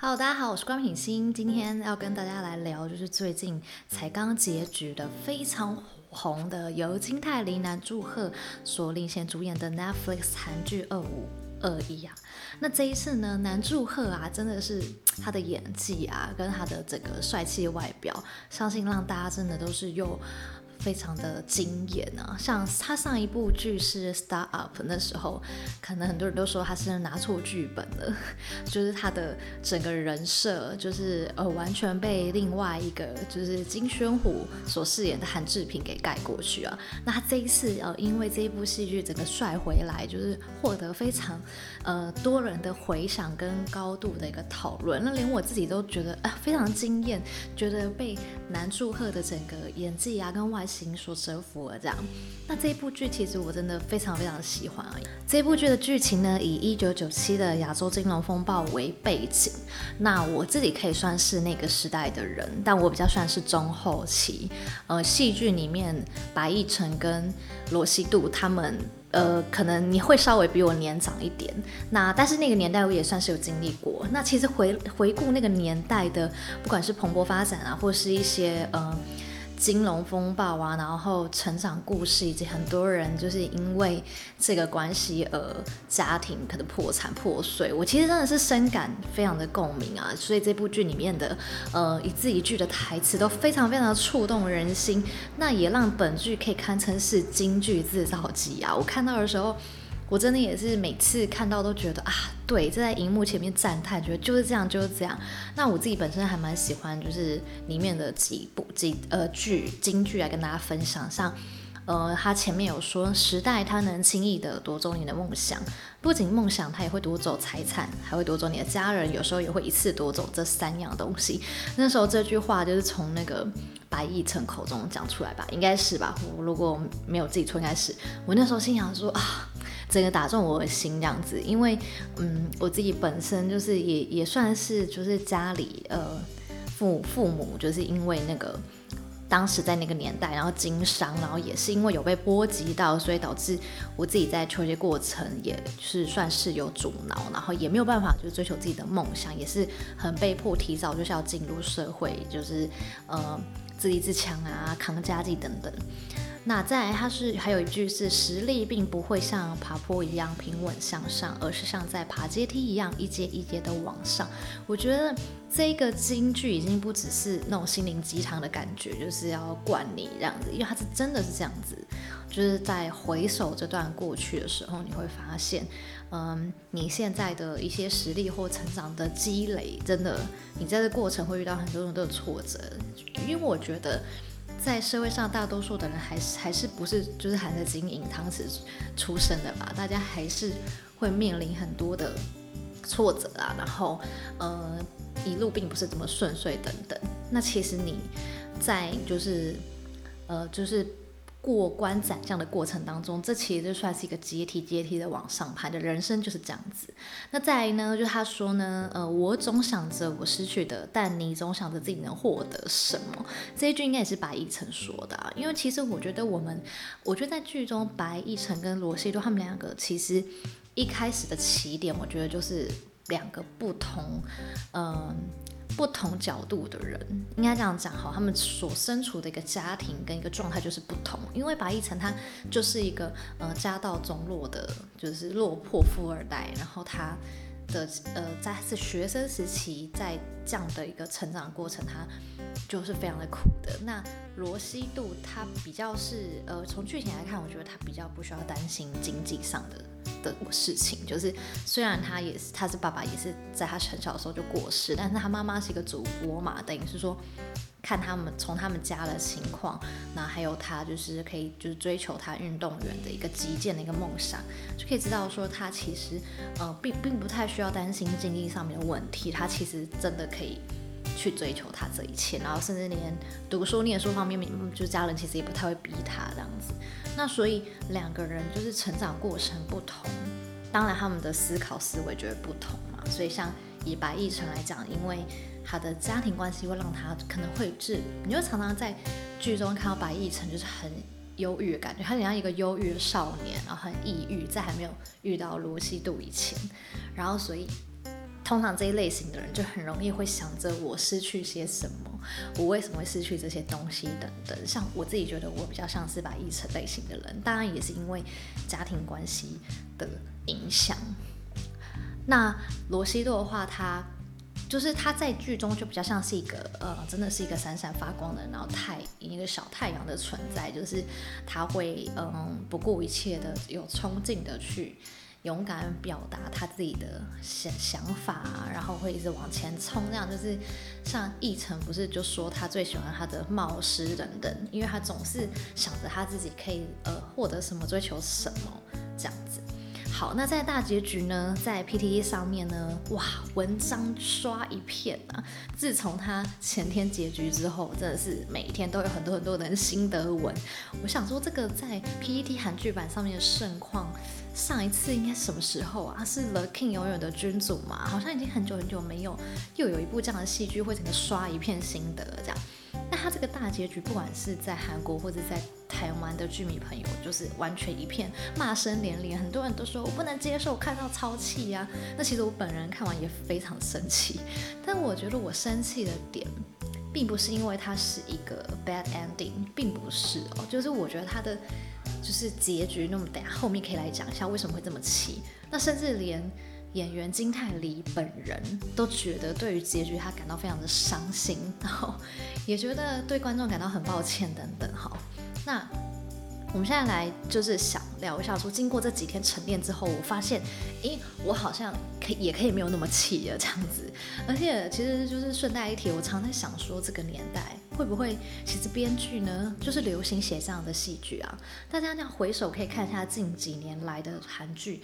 好，Hello, 大家好，我是官品心，今天要跟大家來聊，就是最近才剛結局的非常紅的由金泰梨、南柱赫所領銜主演的 Netflix 韓劇《二五二一》啊。那這一次呢，南柱赫啊，真的是他的演技啊，跟他的這個帥氣外表，相信讓大家真的都是又。非常的驚艷啊！像他上一部劇是《Start Up》那時候，可能很多人都說他是拿錯劇本了，就是他的整個人設，就是呃完全被另外一個就是金宣虎所飾演的韓志平給蓋過去啊。那他這一次呃因為這一部戲劇整個帥回來，就是獲得非常呃多人的回響跟高度的一個討論，那連我自己都覺得啊、呃、非常驚艷，覺得被南柱赫的整個演技啊跟外。心所折服了，這樣。那這一部劇其實我真的非常非常喜歡啊。這部劇的劇情呢，以一九九七的亞洲金融風暴為背景。那我自己可以算是那個時代的人，但我比較算是中後期。呃，戲劇裡面白易辰跟羅西度他們，呃，可能你會稍微比我年長一點。那但是那個年代我也算是有經歷過。那其實回回顧那個年代的，不管是蓬勃發展啊，或是一些呃。金融風暴啊，然後成長故事，以及很多人就是因為這個關係而家庭可能破產破碎，我其實真的是深感非常的共鳴啊。所以這部劇裡面的呃一字一句的台詞都非常非常的觸動人心，那也讓本劇可以堪稱是金句製造機啊。我看到的時候。我真的也是每次看到都覺得啊，對，就在熒幕前面讚嘆，覺得就是這樣就是這樣。那我自己本身還蠻喜歡，就是裡面的幾部幾呃句金句來跟大家分享。像呃，他前面有說時代，他能輕易的奪走你的夢想，不僅夢想，他也會奪走財產，還會奪走你的家人，有時候也會一次奪走這三樣東西。那時候這句話就是從那個白易辰口中講出來吧，應該是吧？我如果沒有記錯，應該是。我那時候心想說啊。真的打中我的心這樣子，因為嗯，我自己本身就是也也算是就是家裡呃父母父母就是因為那個當時在那個年代，然後經商，然後也是因為有被波及到，所以導致我自己在求學過程也是算是有阻撓，然後也沒有辦法就是追求自己的夢想，也是很被迫提早就是要進入社會，就是呃。自立自強啊，扛家計等等。那再來，它是還有一句是：實力並不會像爬坡一樣平穩向上，而是像在爬階梯一樣，一階一階的往上。我覺得這個金句已經不只是那種心靈雞湯的感覺，就是要灌你這樣子，因為它是真的是這樣子，就是在回首這段過去的時候，你會發現。嗯，你現在的一些實力或成長的積累，真的，你在這個過程會遇到很多很多的挫折，因為我覺得，在社會上大多數的人還是還是不是就是含著金銀湯匙出生的吧，大家還是會面臨很多的挫折啊，然後，呃，一路並不是這麼順遂等等。那其實你在就是，呃，就是。過關斬將的過程當中，這其實就算是一個階梯，階梯的往上爬的，人生就是這樣子。那再來呢，就他說呢，呃，我總想着我失去的，但你總想着自己能獲得什麼。這一句應該也是白易辰說的啊，因為其實我覺得我們，我覺得在劇中白易辰跟羅希多他們兩個其實一開始的起點，我覺得就是兩個不同，嗯。不同角度的人應該這樣講哈，他們所身處的一個家庭跟一個狀態就是不同。因為白易辰他就是一個呃家道中落的，就是落魄富二代。然後他的呃在是學生時期，在這樣的一個成長過程，他就是非常的苦的。那羅希度他比較是呃從劇情來看，我覺得他比較不需要擔心經濟上的。的事情就是，雖然他也是，他是爸爸也是在他很小的時候就過世，但是他媽媽是一個主播嘛，等於是說看他們從他們家的情況，那還有他就是可以就是追求他運動員的一個擊劍的一個夢想，就可以知道說他其實呃並並不太需要擔心經濟上面的問題，他其實真的可以。去追求他這一切，然後甚至連讀書念書方面，就家人其實也不太會逼他這樣子。那所以兩個人就是成長過程不同，當然他們的思考思維就會不同嘛。所以像以白易辰來講，因為他的家庭關係會讓他可能會治，你就常常在劇中看到白易辰就是很憂鬱的感覺，他很像一個憂鬱的少年，然後很抑鬱，在還沒有遇到羅西度以前，然後所以。通常這一類型的人就很容易會想着我失去些什麼，我為什麼會失去這些東西等等。像我自己覺得我比較像是白易辰類型的人，當然也是因為家庭關係的影響。那羅西多的話，他就是他在劇中就比較像是一個呃，真的是一個閃閃發光的，然後太一個小太陽的存在，就是他會嗯不顧一切的有衝勁的去。勇敢表達他自己的想想法，然後會一直往前衝，這樣就是像易辰不是就說他最喜歡他的冒失等等，因為他總是想着他自己可以呃獲得什麼，追求什麼這樣子。好，那在大結局呢，在 PTT 上面呢，哇，文章刷一片啊！自從他前天結局之後，真的是每一天都有很多很多人心得文。我想說，這個在 PTT 韓劇版上面的盛況。上一次應該什麼時候啊？是《The King》永遠的君主嘛？好像已經很久很久沒有又有一部這樣的戲劇會整個刷一片心得這樣。那他這個大結局，不管是在韓國或者在台灣的劇迷朋友，就是完全一片罵聲連連。很多人都說，我不能接受，我看到超氣呀、啊。那其實我本人看完也非常生氣，但我覺得我生氣的點，並不是因為它是一個 bad ending，並不是哦，就是我覺得他的。就是結局，那麼等下後面可以來講一下為什麼會這麼氣。那甚至連演員金泰梨本人都覺得對於結局，他感到非常的傷心，然後也覺得對觀眾感到很抱歉等等。好，那我們現在來就是想聊一下說，說經過這幾天沉澱之後，我發現，哎，我好像可以也可以沒有那麼氣的這樣子。而且其實就是順帶一提，我常在想說這個年代。會不會其實編劇呢，就是流行寫這樣的戲劇啊？大家這樣回首可以看一下近幾年來的韓劇。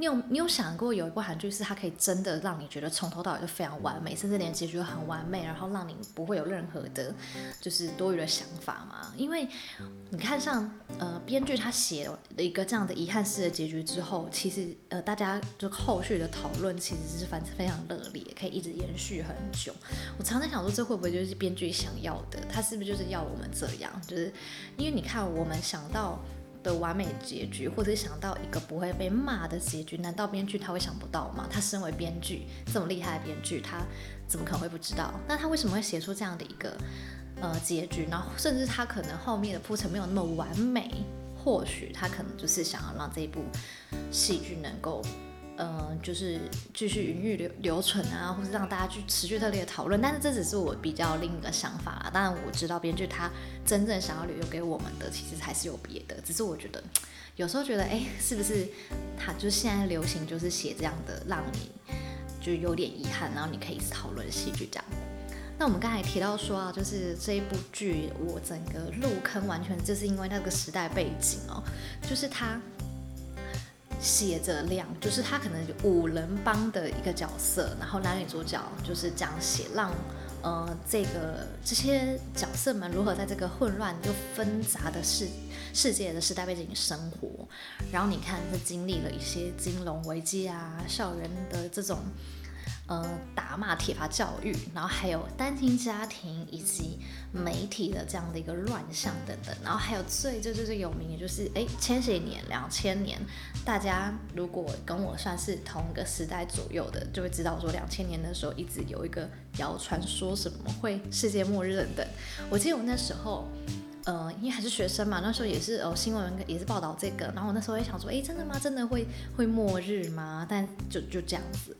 你有你有想過有一部韓劇是它可以真的讓你覺得從頭到尾都非常完美，甚至連結局都很完美，然後讓你不會有任何的，就是多餘的想法嗎？因為你看像，像呃編劇他寫了一個這樣的遺憾式的結局之後，其實呃大家就後續的討論其實是反正非常熱烈，可以一直延續很久。我常常想說，這會不會就是編劇想要的？他是不是就是要我們這樣？就是因為你看，我們想到。的完美結局，或者是想到一個不會被罵的結局，難道編劇他會想不到嗎？他身為編劇這麼厲害的編劇，他怎麼可能會不知道？那他為什麼會寫出這樣的一個呃結局呢？甚至他可能後面的鋪陳沒有那麼完美，或許他可能就是想要讓這一部戲劇能夠。嗯、呃，就是繼續餘韻留留存啊，或者讓大家去持續熱烈的討論，但是這只是我比較另一個想法啦。當然我知道編劇他真正想要留留給我們的，其實還是有別的。只是我覺得有時候覺得，哎，是不是他就是現在流行就是寫這樣的讓你就有點遺憾。然後你可以一直討論戲劇這樣。那我們剛才提到說啊，就是這一部劇我整個入坑完全就是因為那個時代背景哦，就是他。寫着亮，就是他可能五人幫的一個角色，然後男女主角就是這樣寫，讓呃，這個這些角色們如何在這個混亂又紛雜的世世界的時代背景生活，然後你看，他經歷了一些金融危機啊，校園的這種。呃、嗯，打罵、體罰、教育，然後還有單親家庭以及媒體的這樣的一個亂象等等，然後還有最最最最有名的就是，哎，千禧年、兩千年，大家如果跟我算是同一個時代左右的，就會知道說兩千年的時候一直有一個謠傳，說什麼會世界末日等等。我記得我那時候，呃，因為還是學生嘛，那時候也是呃、哦，新聞也是報道這個，然後我那時候也想說，哎，真的嗎？真的會會末日嗎？但就就這樣子。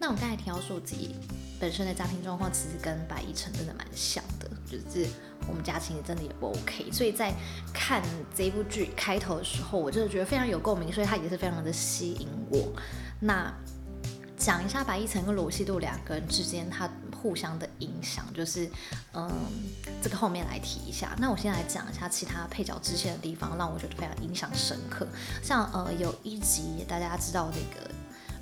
那我剛才提到說我自己本身的家庭狀況，其實跟白易辰真的蠻像的，就是我們家庭真的也不 OK。所以在看這部劇開頭的時候，我就是覺得非常有共鳴，所以他也是非常的吸引我。那講一下白易辰跟羅西度兩個人之間他互相的影響，就是嗯，這個後面來提一下。那我先來講一下其他配角支線的地方，讓我覺得非常印象深刻。像呃，有一集大家知道那、這個。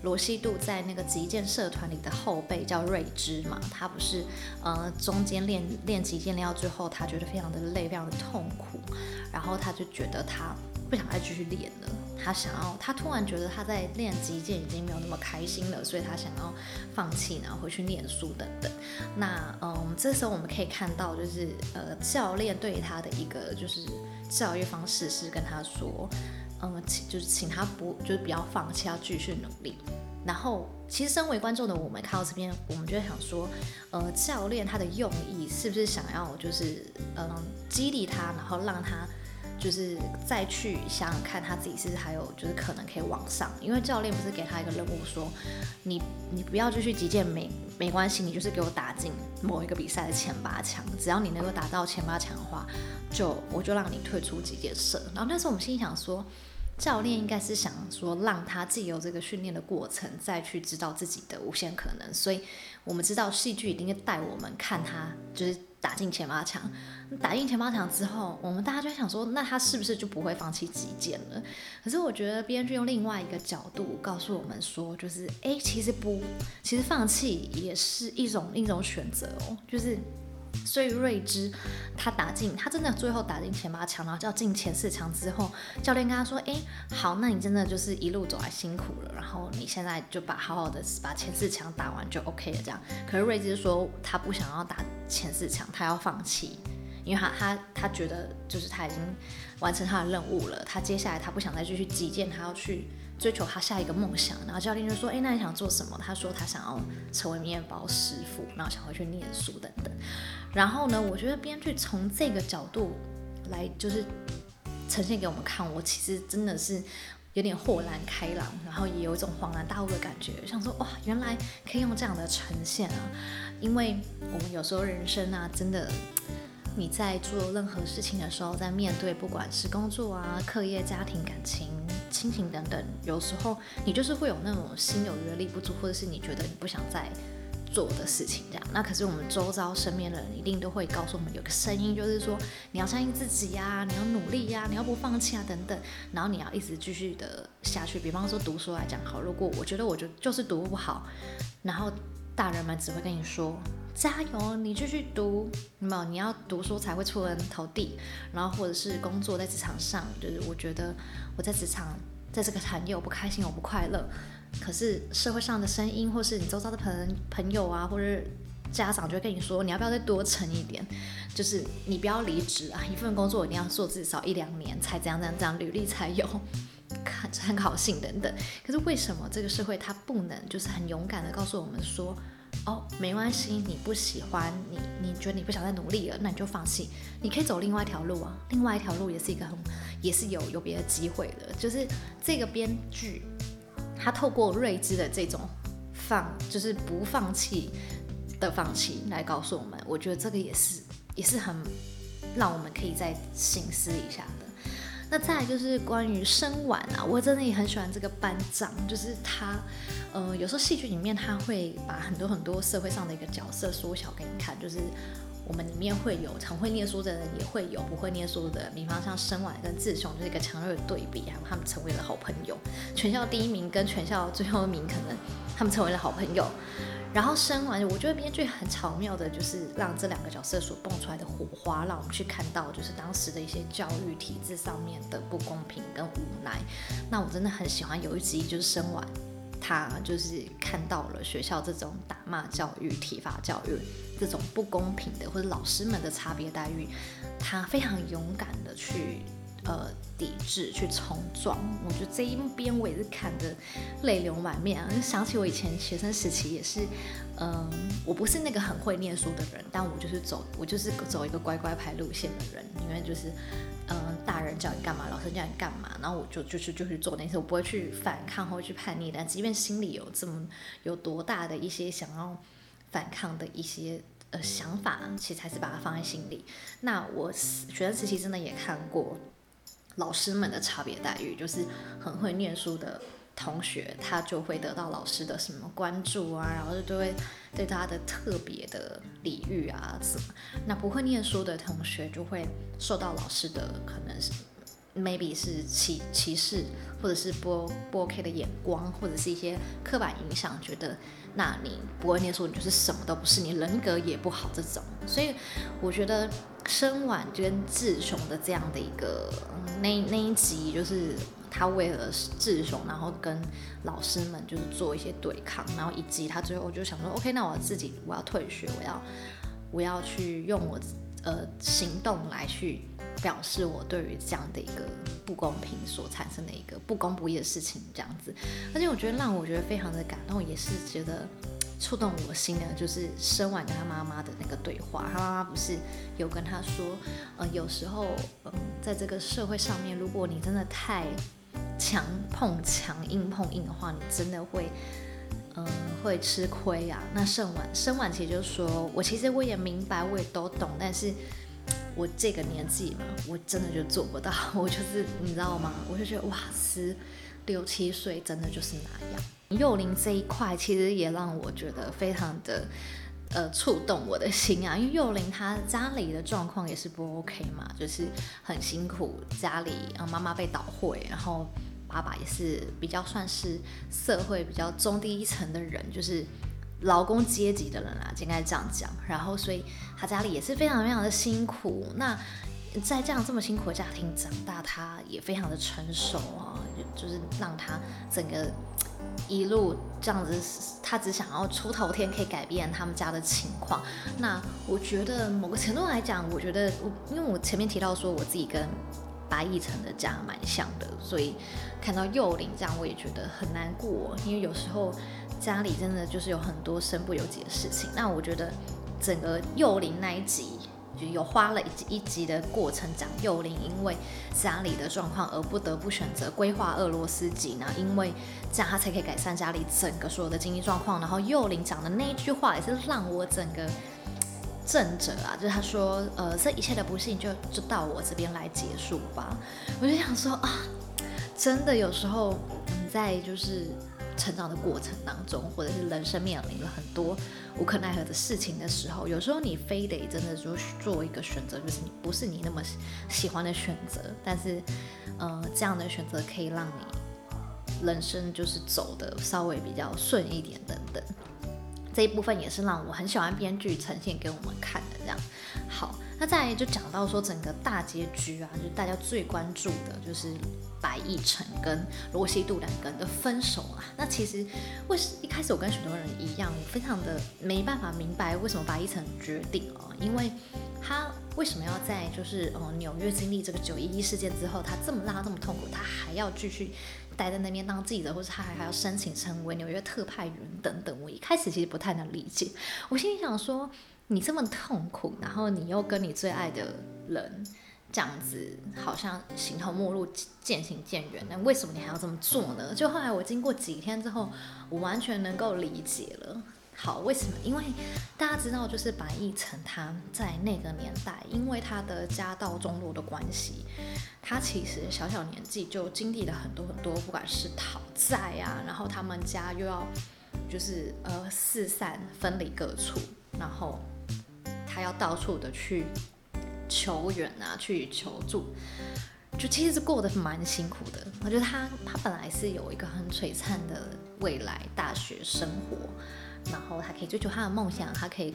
羅西度在那個擊劍社團裡的後輩叫瑞芝嘛，他不是呃中間練練擊劍練到最後，他覺得非常的累，非常的痛苦，然後他就覺得他不想再繼續練了，他想要他突然覺得他在練擊劍已經沒有那麼開心了，所以他想要放棄，然後回去念書等等。那嗯、呃，這時候我們可以看到就是呃教練對他的一個就是教育方式是跟他說。嗯，請就是請他不，就是不要放棄，要繼續努力。然後，其實身為觀眾的我們看到這邊，我們就想說，呃，教練他的用意是不是想要就是嗯激勵他，然後讓他就是再去想想看他自己是不是還有就是可能可以往上。因為教練不是給他一個任務說，你你不要繼續擊劍，沒沒關係，你就是給我打進某一個比賽的前八強，只要你能夠打到前八強的話，就我就讓你退出擊劍社。然後，但是我們心裡想說。教練應該是想說，讓他自由這個訓練的過程，再去知道自己的無限可能。所以，我們知道戲劇一定要帶我們看他，就是打進前八強。打進前八強之後，我們大家就在想說，那他是不是就不會放棄擊劍了？可是，我覺得編劇用另外一個角度告訴我們說，就是誒、欸，其實不，其實放棄也是一種另一種選擇哦，就是。所以瑞茲他打進，他真的最後打進前八強，然後就要進前四強之後，教練跟他說：“哎，好，那你真的就是一路走來辛苦了，然後你現在就把好好的把前四強打完就 OK 了這樣。”可是瑞茲說他不想要打前四強，他要放棄，因為他他他覺得就是他已經完成他的任務了，他接下來他不想再繼續擊劍，他要去。追求他下一個夢想，然後教練就說：“哎，那你想做什麼？”他說：“他想要成為麵包師傅，然後想回去念書等等。”然後呢，我覺得編劇從這個角度來就是呈現給我們看，我其實真的是有點豁然開朗，然後也有一種恍然大悟的感覺，想說：“哇，原來可以用這樣的呈現啊！”因為我們有時候人生啊，真的。你在做任何事情的時候，在面對不管是工作啊、課業、家庭、感情、親情等等，有時候你就是會有那種心有餘力不足，或者是你覺得你不想再做的事情，這樣。那可是我們周遭身邊的人一定都會告訴我們，有個聲音就是說，你要相信自己呀，你要努力呀，你要不放棄啊，等等。然後你要一直繼續的下去。比方說讀書來講，好，如果我覺得我就就是讀不好，然後大人們只會跟你說。加油，你繼續讀，沒有，你要讀書才會出人頭地，然後或者是工作在職場上，就是我覺得我在職場在這個行業，我不開心，我不快樂。可是社會上的聲音，或是你周遭的朋朋友啊，或是家長就會跟你說，你要不要再多撐一點，就是你不要離職啊，一份工作一定要做至少一兩年才怎樣怎樣怎樣，履歷才有參考性等等。可是為什麼這個社會它不能就是很勇敢地告訴我們說，哦，沒關係，你不喜歡你，你覺得你不想再努力了，那你就放棄。你可以走另外一條路啊，另外一條路也是一個很，也是有有別的機會的。就是這個編劇，他透過睿智的這種放，就是不放棄的放棄，來告訴我們，我覺得這個也是也是很讓我們可以再省思一下。那再來就是關於生晚啊，我真的也很喜歡這個班長，就是他，呃，有時候戲劇裡面他會把很多很多社會上的一個角色縮小給你看，就是。我們裡面會有常會念書的人，也會有不會念書的。比方像承婉跟智雄就是一個強烈的對比，還有他們成為了好朋友。全校第一名跟全校最後一名，可能他們成為了好朋友。然後承婉，我覺得編劇很巧妙的，就是讓這兩個角色所蹦出來的火花，讓我們去看到就是當時的一些教育體制上面的不公平跟無奈。那我真的很喜歡有一集就是承婉他就是看到了學校這種打罵教育、體罰教育，這種不公平的或者老師們的差別待遇，他非常勇敢的去呃抵制、去衝撞。我覺得這一邊我也是看的淚流滿面啊！就想起我以前學生時期也是，嗯、呃，我不是那個很會念書的人，但我就是走我就是走一個乖乖牌路線的人，因為就是嗯、呃，大人叫你幹嘛，老師叫你幹嘛，然後我就就去就去做那些，我不會去反抗或去叛逆。但即便心裡有這麼有多大的一些想要。反抗的一些呃想法，其實還是把它放在心裡。那我學生時期真的也看過老師們的差別待遇，就是很會念書的同學，他就會得到老師的什麼關注啊，然後就會對他的特別的禮遇啊什麼。那不會念書的同學就會受到老師的可能是 maybe 是歧歧視，或者是不不 OK 的眼光，或者是一些刻板影響，覺得。那你不會念書，你就是什麼都不是，你人格也不好這種。所以我覺得生完就跟志雄的這樣的一個那那一集，就是他為了志雄，然後跟老師們就是做一些對抗，然後一集他最後就想說，OK，那我自己我要退學，我要我要去用我呃行動來去。表示我對於這樣的一個不公平所產生的一個不公不義的事情這樣子，而且我覺得讓我覺得非常的感動，也是覺得觸動我心的，就是承完跟他媽媽的那個對話。他媽媽不是有跟他說，呃，有時候，嗯，在這個社會上面，如果你真的太強碰強，硬碰硬的話，你真的會，嗯，會吃虧啊。那承完，承完其實就是說我其實我也明白，我也都懂，但是。我這個年紀嘛，我真的就做不到。我就是，你知道嗎？我就覺得哇，十六七歲真的就是那樣。幼齡這一塊其實也讓我覺得非常的呃觸動我的心啊，因為幼齡他家裡的狀況也是不 OK 嘛，就是很辛苦，家裡啊、嗯、媽媽被倒會，然後爸爸也是比較算是社會比較中低一層的人，就是。勞工階級的人啊，應該這樣講。然後，所以他家裡也是非常非常的辛苦。那在這樣這麼辛苦的家庭長大，他也非常的成熟啊，就是讓他整個一路這樣子，他只想要出頭天，可以改變他們家的情況。那我覺得某個程度來講，我覺得我因為我前面提到說我自己跟白易辰的家蠻像的，所以看到幼齡這樣，我也覺得很難過，因為有時候。家裡真的就是有很多身不由己的事情。那我覺得，整個宥琳那一集，就有花了一集一集的過程講宥琳因為家裡的狀況而不得不選擇歸化俄羅斯籍呢，因為這樣他才可以改善家裡整個所有的經濟狀況。然後宥琳講的那一句話也是讓我整個震懾啊，就是他說，呃，這一切的不幸就就到我這邊來結束吧。我就想說啊，真的有時候你在就是。成長的過程當中，或者是人生面臨了很多無可奈何的事情的時候，有時候你非得真的就做一個選擇，就是你不是你那麼喜歡的選擇，但是，呃，這樣的選擇可以讓你人生就是走得稍微比較順一點等等。這一部分也是讓我很喜歡編劇呈現給我們看的這樣。好。那再就講到說整個大結局啊，就是大家最關注的就是白易辰跟羅西度兩個人的分手啊。那其實為什一開始我跟許多人一樣，非常的沒辦法明白為什麼白易辰決定了、哦，因為他為什麼要在就是呃紐約經歷這個九一一事件之後，他這麼拉，這麼痛苦，他還要繼續。待在那邊當記者，或者他還還要申請成為紐約特派員等等。我一開始其實不太能理解，我心裡想說：你這麼痛苦，然後你又跟你最愛的人這樣子，好像形同陌路、漸行漸遠，那為什麼你還要這麼做呢？就後來我經過幾天之後，我完全能夠理解了。好，為什麼？因為大家知道，就是白易辰他在那個年代，因為他的家道中落的關係，他其實小小年紀就經歷了很多很多，不管是討債啊，然後他們家又要就是呃四散分離各處，然後他要到處的去求援啊，去求助，就其實是過得蠻辛苦的。我覺得他他本來是有一個很璀璨的未來大學生活。然後他可以追求他的夢想，他可以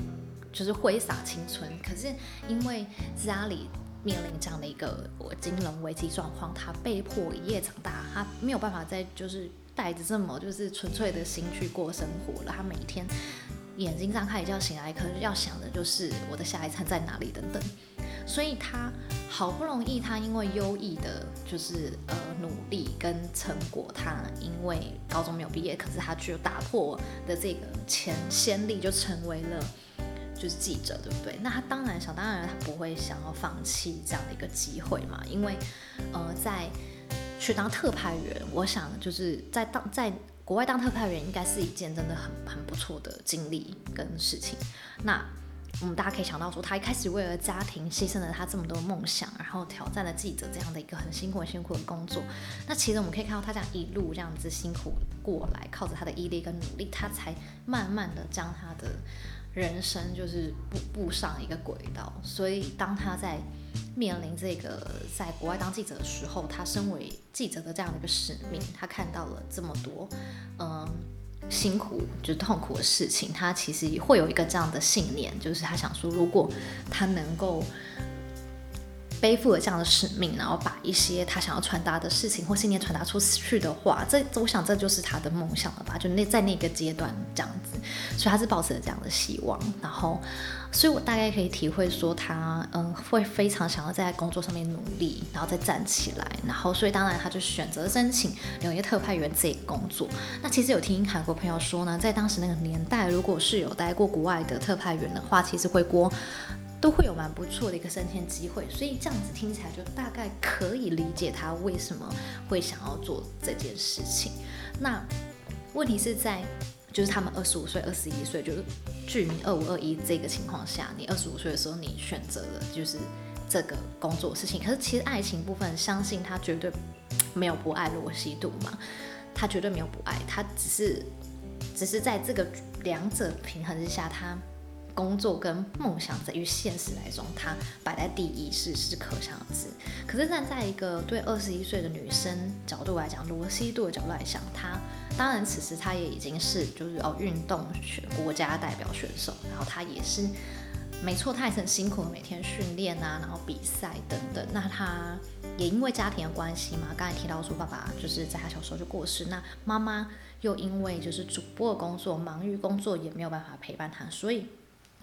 就是揮灑青春。可是因為家裡面臨這樣的一個我金融危機狀況，他被迫一夜長大，他沒有辦法再就是帶着這麼就是純粹的心去過生活了。他每天眼睛張開一覺醒來，可能要想的就是我的下一餐在哪裡等等。所以他。好不容易，他因為優異的，就是呃努力跟成果，他因為高中沒有畢業，可是他卻打破的這個前先例，就成為了就是記者，對不對？那他當然想，當然他不會想要放棄這樣的一個機會嘛，因為呃在去當特派員，我想就是在當在國外當特派員，應該是一件真的很很不錯的經歷跟事情。那嗯，我們大家可以想到說，他一開始為了家庭犧牲了他這麼多的夢想，然後挑戰了記者這樣的一個很辛苦、很辛苦的工作。那其實我們可以看到，他這樣一路這樣子辛苦過來，靠着他的毅力跟努力，他才慢慢的將他的人生就是步步上一個軌道。所以，當他在面臨這個在國外當記者的時候，他身為記者的這樣的一個使命，他看到了這麼多，嗯、呃。辛苦就是痛苦的事情，他其實也會有一個這樣的信念，就是他想說，如果他能夠。背負了這樣的使命，然後把一些他想要傳達的事情或信念傳達出去的話，這我想這就是他的夢想了吧？就那在那個階段這樣子，所以他是抱持了這樣的希望，然後，所以我大概可以體會說他，他嗯會非常想要在工作上面努力，然後再站起來，然後所以當然他就選擇申請紐約特派員這個工作。那其實有聽韓國朋友說呢，在當時那個年代，如果是有待過國外的特派員的話，其實回國。都會有蠻不錯的一個升遷機會，所以這樣子聽起來就大概可以理解他為什麼會想要做這件事情。那問題是在，就是他們二十五歲、二十一歲，就是“劇名二五二一”這個情況下，你二十五歲的時候，你選擇了就是這個工作事情。可是其實愛情部分，相信他絕對沒有不愛羅西度嘛，他絕對沒有不愛，他只是只是在這個兩者平衡之下，他。工作跟夢想在於現實來說，他擺在第一是是可想而知。可是站在一個對二十一歲的女生角度來講，羅希度的角度來講，她當然此時她也已經是就是哦運動選國家代表選手，然後她也是沒錯，她也是很辛苦，每天訓練啊，然後比賽等等。那她也因為家庭的關係嘛，剛才提到說爸爸就是在他小時候就過世，那媽媽又因為就是主播工作忙於工作，也沒有辦法陪伴她，所以。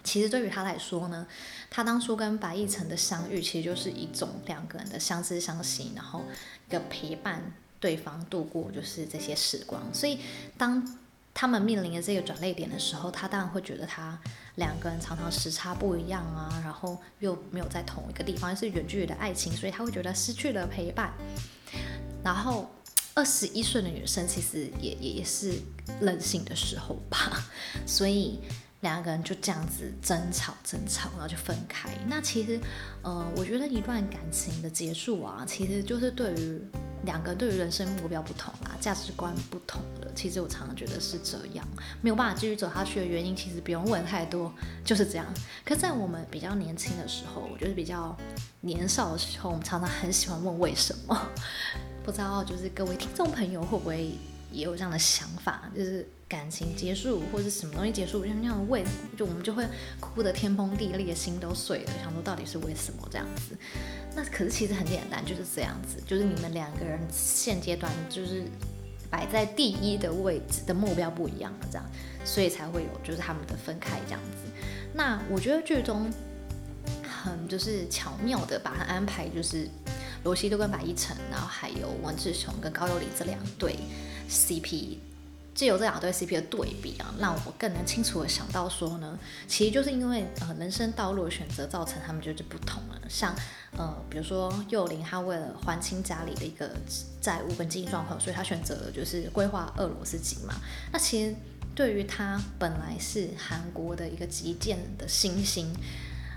其實對於他來說呢，他當初跟白易辰的相遇其實就是一種兩個人的相知相惜，然後一個陪伴對方度過就是這些時光。所以當他們面臨的這個轉捩點的時候，他當然會覺得他兩個人常常時差不一樣啊，然後又沒有在同一個地方，是遠距離的愛情，所以他會覺得失去了陪伴。然後二十一歲的女生其實也也也是任性的時候吧，所以。兩個人就這樣子爭吵，爭吵，然後就分開。那其實，呃，我覺得一段感情的結束啊，其實就是對於兩個人對於人生目標不同啦、啊，價值觀不同的。其實我常常覺得是這樣，沒有辦法繼續走下去的原因，其實不用問太多，就是這樣。可是在我們比較年輕的時候，我就是比較年少的時候，我們常常很喜歡問為什麼。不知道就是各位聽衆朋友會不會？也有這樣的想法，就是感情結束或者什麼東西結束，就那樣的位置，就我們就會哭得天崩地裂，的心都碎了，想說到底是為什麼這樣子。那可是其實很簡單，就是這樣子，就是你們兩個人現階段就是擺在第一的位置的目標不一樣了，這樣，所以才會有就是他們的分開這樣子。那我覺得劇中很就是巧妙的把它安排就是。羅西都跟白易辰，然後還有文志雄跟高佑林這兩對 CP，藉由這兩對 CP 的對比啊，讓我更能清楚的想到說呢，其實就是因為呃人生道路的選擇造成他們就是不同了。像呃比如說佑林，他為了還清家裡的一個債務跟經濟狀況，所以他選擇就是歸化俄羅斯籍嘛。那其實對於他本來是韓國的一個擊劍的新星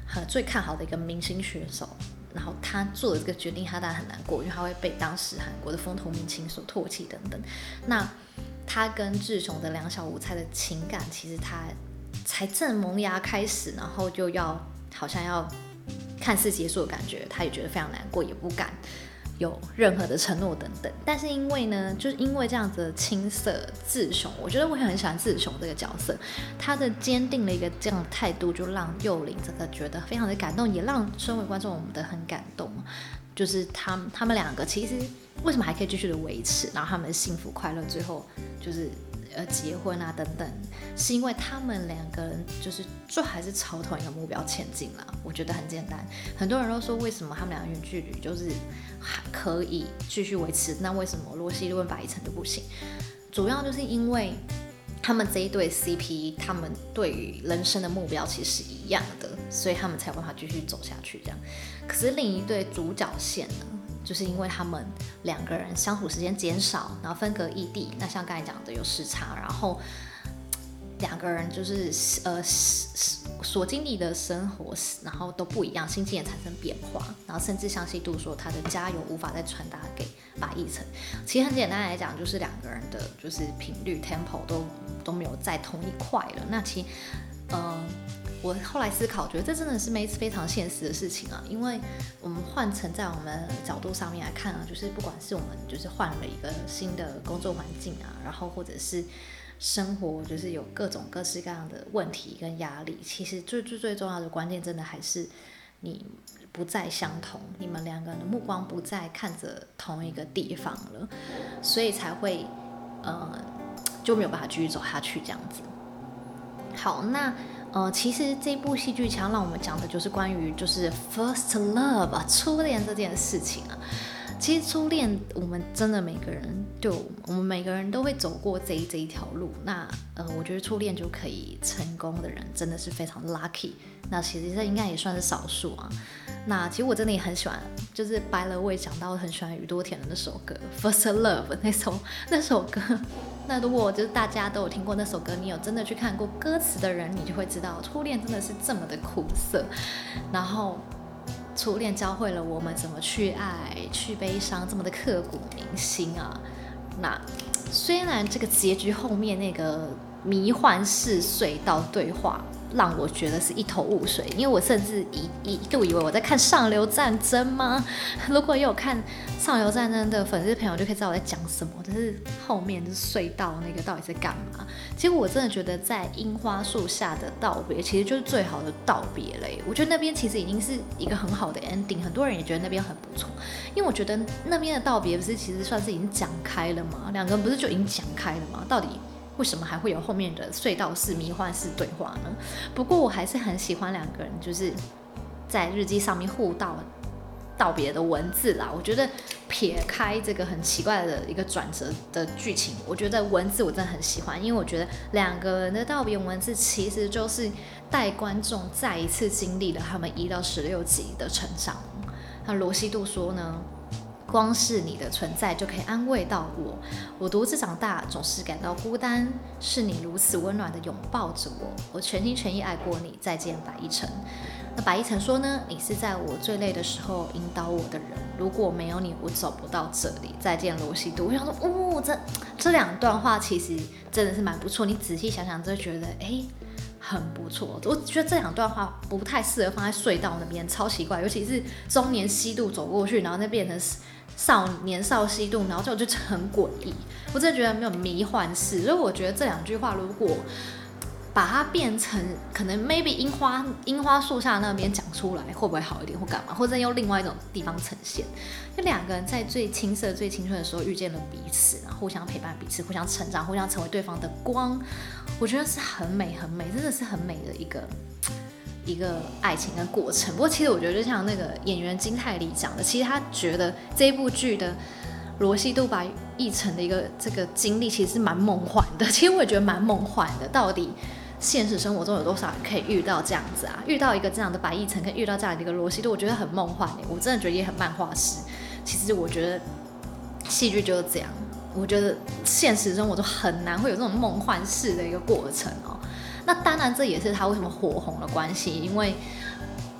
和最看好的一個明星選手。然後他做了這個決定，他當然很難過，因為他會被當時韓國的風頭明星所唾棄等等。那他跟志雄的兩小無猜的情感，其實他才正萌芽開始，然後就要好像要看似結束的感覺，他也覺得非常難過，也不敢有任何的承諾等等，但是因為呢，就是因為這樣子的青澀志雄，我覺得我很喜歡志雄這個角色，他的堅定的一個這樣的態度，就讓幼玲真的覺得非常的感動，也讓身為觀眾我們的很感動，就是他們他們兩個其實為什麼還可以繼續的維持，然後他們的幸福快樂，最後就是。呃，結婚啊，等等，是因為他們兩個人就是最還是朝同一個目標前進啦、啊。我覺得很簡單，很多人都說為什麼他們兩個遠距離就是還可以繼續維持，那為什麼羅西跟白易辰都不行？主要就是因為他們這一對 CP，他們對於人生的目標其實是一樣的，所以他們才有辦法繼續走下去這樣。可是另一對主角線呢？就是因為他們兩個人相處時間減少，然後分隔異地，那像剛才講的有時差，然後兩個人就是呃所經歷的生活，然後都不一樣，心境也產生變化，然後甚至相信度說他的加油無法再傳達給白易辰。其實很簡單來講，就是兩個人的就是頻率 tempo 都都沒有在同一塊了。那其實，嗯、呃。我後來思考，覺得這真的是每次非常現實的事情啊，因為我們換成在我們角度上面來看啊，就是不管是我們就是換了一個新的工作環境啊，然後或者是生活就是有各種各式各樣的問題跟壓力，其實最最最重要的關鍵，真的還是你不再相同，你們兩個人的目光不再看着同一個地方了，所以才會呃、嗯、就沒有辦法繼續走下去這樣子。好，那。呃，其實這部戲劇強讓我們講的就是關於就是 first love 啊，初戀這件事情啊。其實初戀，我們真的每個人就我們每個人都會走過這一這一條路。那呃，我覺得初戀就可以成功的人真的是非常 lucky。那其實這應該也算是少數啊。那其實我真的也很喜歡，就是 by the way，我也講到很喜歡宇多田的那首歌 first love 那首那首歌。那如果就是大家都有聽過那首歌，你有真的去看過歌詞的人，你就會知道初戀真的是這麼的苦澀，然後初戀教會了我們怎麼去愛、去悲傷，這麼的刻骨銘心啊。那雖然這個結局後面那個迷幻式隧道對話。讓我覺得是一頭霧水，因為我甚至一一度以為我在看《上流戰爭》嗎？如果有看《上流戰爭》的粉絲朋友，就可以知道我在講什麼。但是後面隧道那個到底是幹嘛？其實我真的覺得，在櫻花樹下的道別其實就是最好的道別了。我覺得那邊其實已經是一個很好的 ending，很多人也覺得那邊很不錯。因為我覺得那邊的道別不是其實算是已經講開了嗎？兩個人不是就已經講開了嗎？到底？為什麼還會有後面的隧道式、迷幻式對話呢？不過我還是很喜歡兩個人就是在日記上面互道道別的文字啦。我覺得撇開這個很奇怪的一個轉折的劇情，我覺得文字我真的很喜歡，因為我覺得兩個人的道別文字其實就是帶觀眾再一次經歷了他們一到十六集的成長。那羅西度說呢？光是你的存在就可以安慰到我，我獨自長大總是感到孤單，是你如此溫暖的擁抱着我，我全心全意愛過你，再見白易辰。那白易辰說呢，你是在我最累的時候引導我的人，如果沒有你，我走不到這裡。再見羅西度，我想說，嗚、哦，這這兩段話其實真的是蠻不錯，你仔細想想就覺得，哎、欸。很不錯，我覺得這兩段話不太適合放在隧道那邊，超奇怪，尤其是中年希度走過去，然後那變成少年少希度，然後這就很詭異，我真的覺得沒有迷幻式，所以我覺得這兩句話如果。把它變成可能，maybe 櫻花櫻花樹下那邊講出來會不會好一點，或幹嘛，或者用另外一種地方呈現？就兩個人在最青澀、最青春的時候遇見了彼此，然後互相陪伴彼此，互相成長，互相成為對方的光，我覺得是很美、很美，真的是很美的一個一個愛情的過程。不過，其實我覺得就像那個演員金泰梨講的，其實他覺得這一部劇的羅希度、白易辰的一個這個經歷，其實是蠻夢幻的。其實我也覺得蠻夢幻的，到底。現實生活中有多少人可以遇到這樣子啊？遇到一個這樣的白易辰跟遇到這樣的一個羅希度，我覺得很夢幻、欸。我真的覺得也很漫畫式。其實我覺得戲劇就是這樣。我覺得現實生活中很難會有這種夢幻式的一個過程哦、喔。那當然這也是他為什麼火紅的關係，因為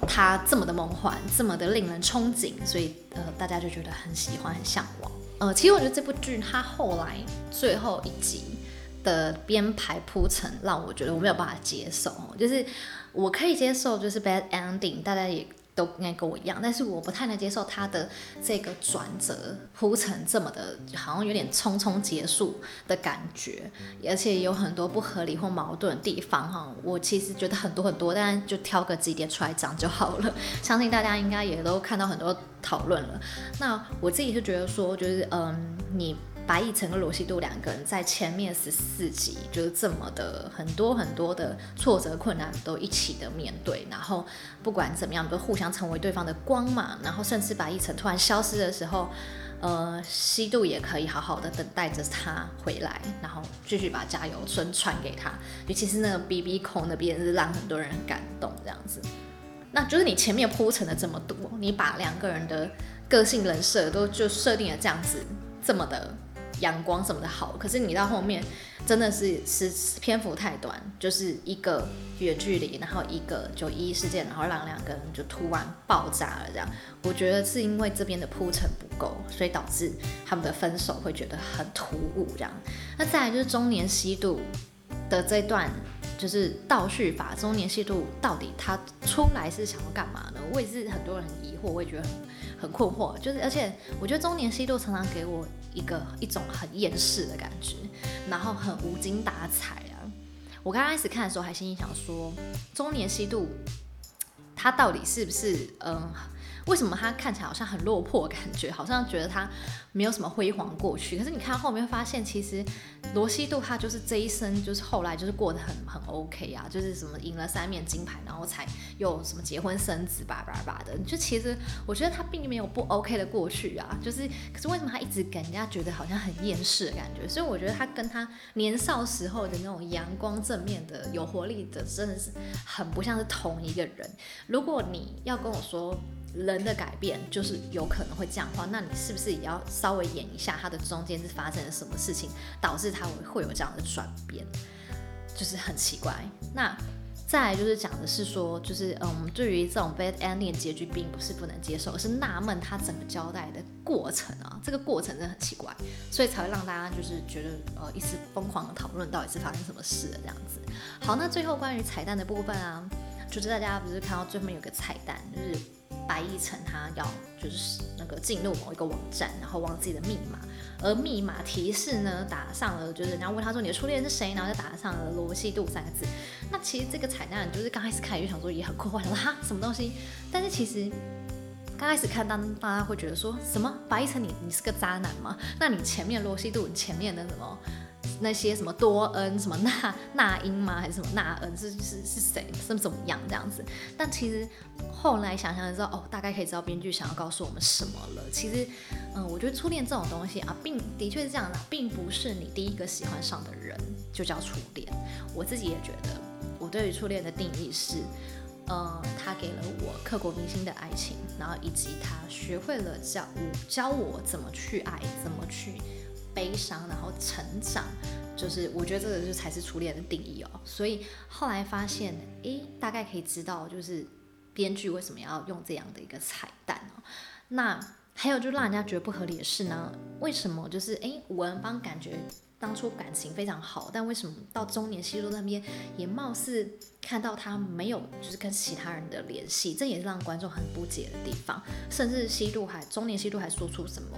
他這麼的夢幻，這麼的令人憧憬，所以呃大家就覺得很喜歡、很嚮往。呃，其實我覺得這部劇他後來最後一集。的編排鋪陳，讓我覺得我沒有辦法接受，就是我可以接受，就是 bad ending，大家也都應該跟我一樣，但是我不太能接受它的這個轉折鋪陳這麼的，好像有點匆匆結束的感覺，而且有很多不合理或矛盾的地方哈。我其實覺得很多很多，但就挑個幾點出來講就好了。相信大家應該也都看到很多討論了。那我自己是覺得說，就是嗯，你。白易辰跟羅西度兩個人在前面十四集就是這麼的很多很多的挫折困難都一起的面對，然後不管怎麼樣都互相成為對方的光嘛。然後甚至白易辰突然消失的時候，呃，西度也可以好好的等待着他回來，然後繼續把加油聲傳給他。尤其是那個 BB Call 那邊是讓很多人很感動這樣子。那就是你前面鋪陳的這麼多，你把兩個人的個性人設都就設定了這樣子，這麼的。陽光什麼的好，可是你到後面真的是是篇幅太短，就是一個遠距離，然後一個九一一事件，然後讓兩個人就突然爆炸了這樣。我覺得是因為這邊的鋪陳不夠，所以導致他們的分手會覺得很突兀這樣。那再來就是中年希度的這段，就是倒敘法，中年希度到底他出來是想要幹嘛呢？我也是很多人很疑惑，我也覺得很，很困惑。就是而且我覺得中年希度常常給我。一個一種很厭世的感覺，然後很無精打采啊。我剛剛開始看的時候還心想說，中年吸度他到底是不是嗯？呃為什麼他看起來好像很落魄，感覺好像覺得他沒有什麼輝煌過去？可是你看後面發現，其實羅希度他就是這一生，就是後來就是過得很很 OK 啊，就是什麼贏了三面金牌，然後才有什麼結婚生子吧吧吧的。就其實我覺得他並沒有不 OK 的過去啊，就是可是為什麼他一直給人家覺得好像很厭世的感覺？所以我覺得他跟他年少時候的那種陽光正面的、有活力的，真的是很不像是同一個人。如果你要跟我說，人的改變就是有可能會這樣的話，那你是不是也要稍微演一下他的中間是發生了什麼事情，導致他會有這樣的轉變，就是很奇怪。那再來就是講的是說，就是嗯，對於這種 bad ending 的結局並不是不能接受，而是納悶他怎麼交代的過程啊，這個過程真的很奇怪，所以才會讓大家就是覺得呃一直瘋狂的討論到底是發生什麼事了這樣子。好，那最後關於彩蛋的部分啊，就是大家不是看到最後面有個彩蛋就是。白易辰他要就是那個進入某一個網站，然後忘了自己的密碼，而密碼提示呢打上了，就是人家問他說你的初戀是誰，然後就打上了羅西度三個字。那其實這個彩蛋就是剛開始看就想說也很怪啦，什麼東西？但是其實剛開始看當大家會覺得說什麼白易辰你你是個渣男嗎？那你前面羅西度你前面的什麼？那些什麼多恩什麼那那英嗎？還是什麼那恩？是是是誰？是怎麼樣這樣子？但其實後來想想就知道哦，大概可以知道編劇想要告訴我們什麼了。其實，嗯，我覺得初戀這種東西啊，並的確是這樣的，並不是你第一個喜歡上的人就叫初戀。我自己也覺得，我對於初戀的定義是，嗯，他給了我刻骨銘心的愛情，然後以及他學會了教教我怎麼去愛，怎麼去。悲傷，然後成長，就是我覺得這個就才是初戀的定義哦。所以後來發現，誒、欸，大概可以知道，就是編劇為什麼要用這樣的一個彩蛋哦。那還有就讓人家覺得不合理的是呢，為什麼就是誒，五人幫感覺當初感情非常好，但為什麼到中年希度那邊也貌似看到他沒有，就是跟其他人的聯繫，這也是讓觀眾很不解的地方。甚至希度還中年希度還說出什麼？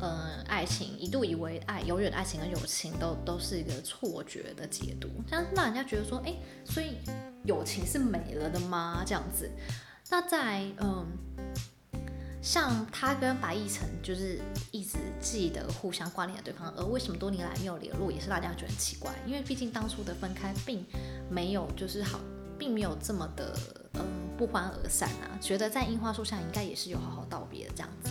嗯，愛情一度以為愛、永遠的愛情跟友情都都是一個錯覺的解讀，這樣讓人家覺得說，哎、欸，所以友情是沒了的嗎？這樣子，那在嗯，像他跟白易辰就是一直記得互相掛念的對方，而為什麼多年來沒有聯絡，也是大家覺得很奇怪，因為畢竟當初的分開並沒有就是好，並沒有這麼的嗯不歡而散啊，覺得在櫻花樹下應該也是有好好道別的這樣子，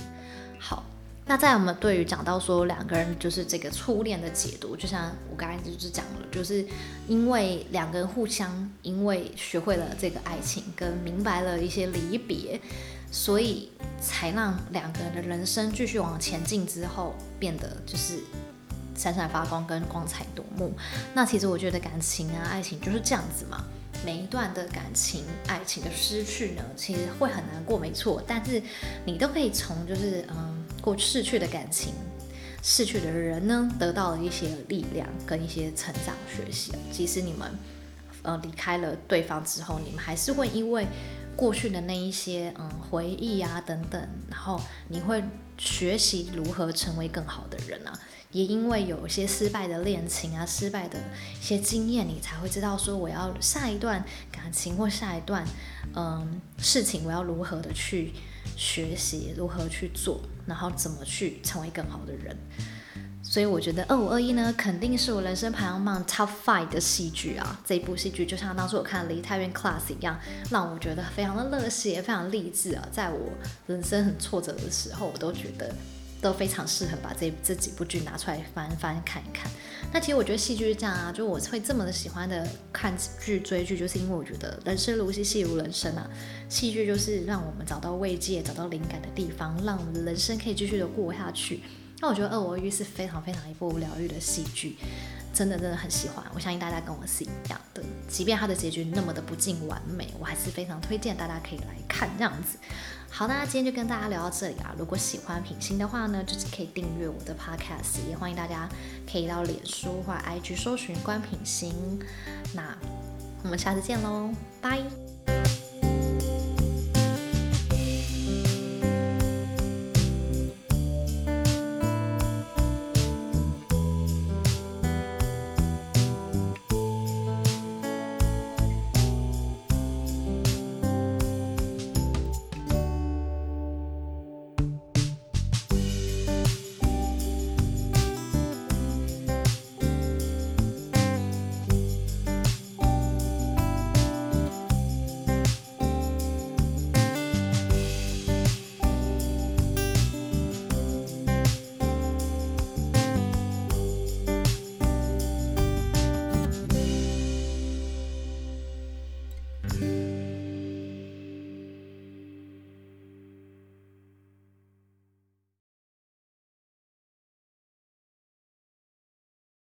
好。那在我們對於講到說兩個人就是這個初戀的解讀，就像我剛才就是講了，就是因為兩個人互相因為學會了這個愛情，跟明白了一些離別，所以才讓兩個人的人生繼續往前進，之後變得就是閃閃發光跟光彩奪目。那其實我覺得感情啊，愛情就是這樣子嘛。每一段的感情、愛情的失去呢，其實會很難過，沒錯。但是你都可以從就是嗯。或逝去的感情，逝去的人呢，得到了一些力量跟一些成長學習啊。即使你們，呃，離開了對方之後，你們還是會因為過去的那一些，嗯，回憶啊等等，然後你會學習如何成為更好的人啊。也因為有一些失敗的戀情啊，失敗的一些經驗，你才會知道說，我要下一段感情或下一段，嗯，事情我要如何的去。學習如何去做，然後怎麼去成為更好的人，所以我覺得二五二一呢，肯定是我人生排行榜 Top Five 的戲劇啊！這部戲劇就像當初我看《梨泰院 Class》一樣，讓我覺得非常的熱血，也非常勵志啊！在我人生很挫折的時候，我都覺得。都非常適合把這這幾部劇拿出來翻翻看一看。那其實我覺得戲劇是這樣啊，就我會這麼的喜歡的看劇追劇，就是因為我覺得人生如戲，戲如人生啊。戲劇就是讓我們找到慰藉、找到靈感的地方，讓我們人生可以繼續的過下去。那我覺得《二我欲》是非常非常一部療癒的戲劇，真的真的很喜歡。我相信大家跟我是一樣的，即便它的結局那麼的不盡完美，我還是非常推薦大家可以來看這樣子。好，那今天就跟大家聊到這裡啊！如果喜歡品心的話呢，就是可以訂閱我的 Podcast，也歡迎大家可以到臉書或 IG 搜尋“官品心”。那我們下次見嘍，拜。